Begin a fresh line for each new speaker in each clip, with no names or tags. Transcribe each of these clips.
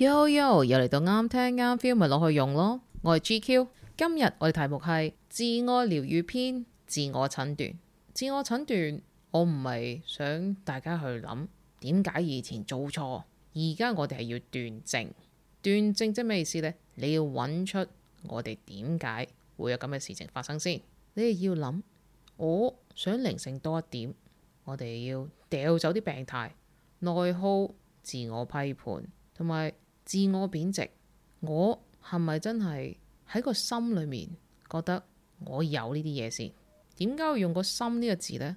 Yo yo，又嚟到啱聽啱 feel，咪攞去用咯。我係 G Q，今日我哋題目係自愛療愈篇，自我診斷。自我診斷，我唔係想大家去諗點解以前做錯，而家我哋係要斷症。斷症即係咩意思呢？你要揾出我哋點解會有咁嘅事情發生先。你哋要諗，我想靈性多一點。我哋要掉走啲病態內耗、自我批判同埋。自我貶值，我係咪真係喺個心裏面覺得我有呢啲嘢先？點解要用個心呢個字呢？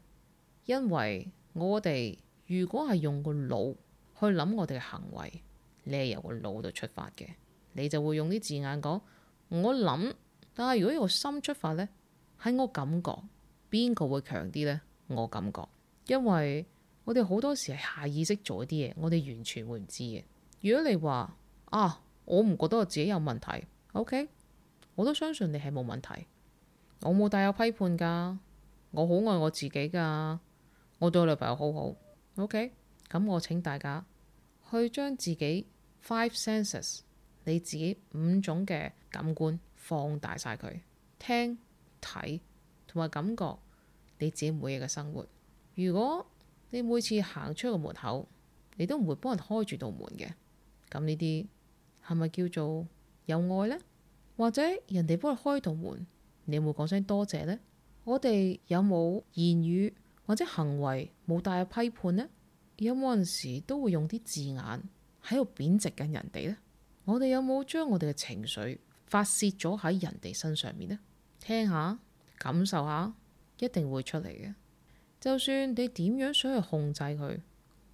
因為我哋如果係用個腦去諗我哋嘅行為，你係由個腦度出發嘅，你就會用啲字眼講我諗。但係如果由心出發呢，喺我感覺邊個會強啲呢？我感覺，因為我哋好多時係下意識做一啲嘢，我哋完全會唔知嘅。如果你話，啊！我唔覺得我自己有問題，OK？我都相信你係冇問題，我冇帶有批判噶。我好愛我自己噶，我對我女朋友好好，OK？咁我請大家去將自己 five senses 你自己五種嘅感官放大晒佢聽、睇同埋感覺你自己每日嘅生活。如果你每次行出個門口，你都唔會幫人開住道門嘅，咁呢啲。係咪叫做有愛呢？或者人哋幫你開道門，你會講聲多謝呢？我哋有冇言語或者行為冇帶批判呢？有冇嗰陣時都會用啲字眼喺度貶值緊人哋呢？我哋有冇將我哋嘅情緒發洩咗喺人哋身上面呢？聽下，感受下，一定會出嚟嘅。就算你點樣想去控制佢，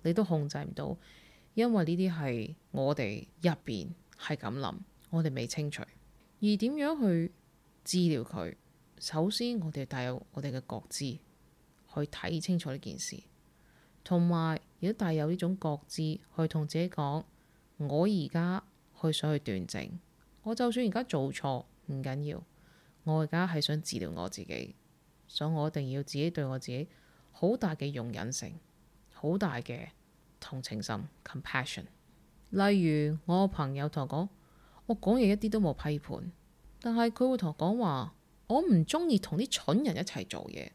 你都控制唔到，因為呢啲係我哋入邊。係咁諗，我哋未清除，而點樣去治療佢？首先，我哋帶有我哋嘅覺知去睇清楚呢件事，同埋亦都帶有呢種覺知去同自己講：我而家去想去斷症，我就算而家做錯唔緊要，我而家係想治療我自己，所以我一定要自己對我自己好大嘅容忍性，好大嘅同情心 （compassion）。Compass 例如我朋友同我講，我講嘢一啲都冇批判，但係佢會同我講話，我唔中意同啲蠢人一齊做嘢。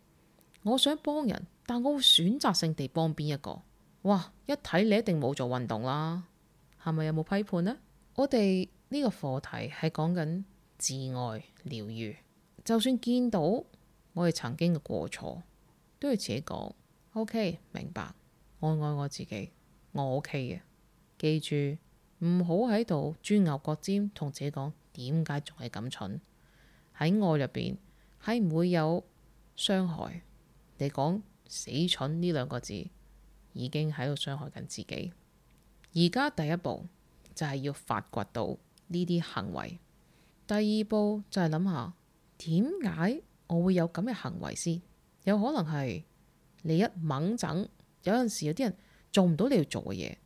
我想幫人，但我會選擇性地幫邊一個。哇！一睇你一定冇做運動啦，係咪有冇批判呢？我哋呢個課題係講緊自愛療癒，就算見到我哋曾經嘅過錯，都要自己講。OK，明白，我愛我自己，我 OK 嘅。記住唔好喺度鑽牛角尖，同自己講點解仲係咁蠢。喺愛入邊係唔會有傷害。你講死蠢呢兩個字已經喺度傷害緊自己。而家第一步就係要發掘到呢啲行為，第二步就係諗下點解我會有咁嘅行為先。有可能係你一猛整，有陣時有啲人做唔到你要做嘅嘢。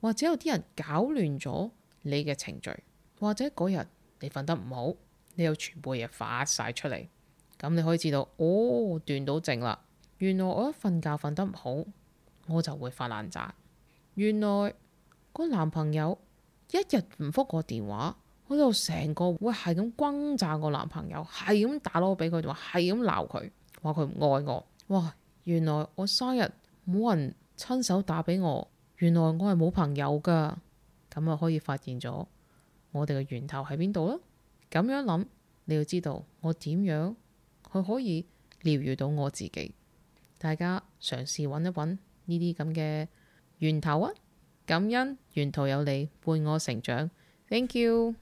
或者有啲人搞亂咗你嘅程序，或者嗰日你瞓得唔好，你又全部嘢發晒出嚟，咁你可以知道哦，斷到症啦。原來我一瞓覺瞓得唔好，我就會發爛渣。原來個男朋友一日唔覆個電話，我就成個會係咁轟炸個男朋友，係咁打攞俾佢，話係咁鬧佢，話佢唔愛我。哇！原來我生日冇人親手打俾我。原來我係冇朋友噶，咁啊可以發現咗我哋嘅源頭喺邊度咯。咁樣諗，你要知道我點樣去可以療癒到我自己。大家嘗試揾一揾呢啲咁嘅源頭啊！感恩沿途有你伴我成長，thank you。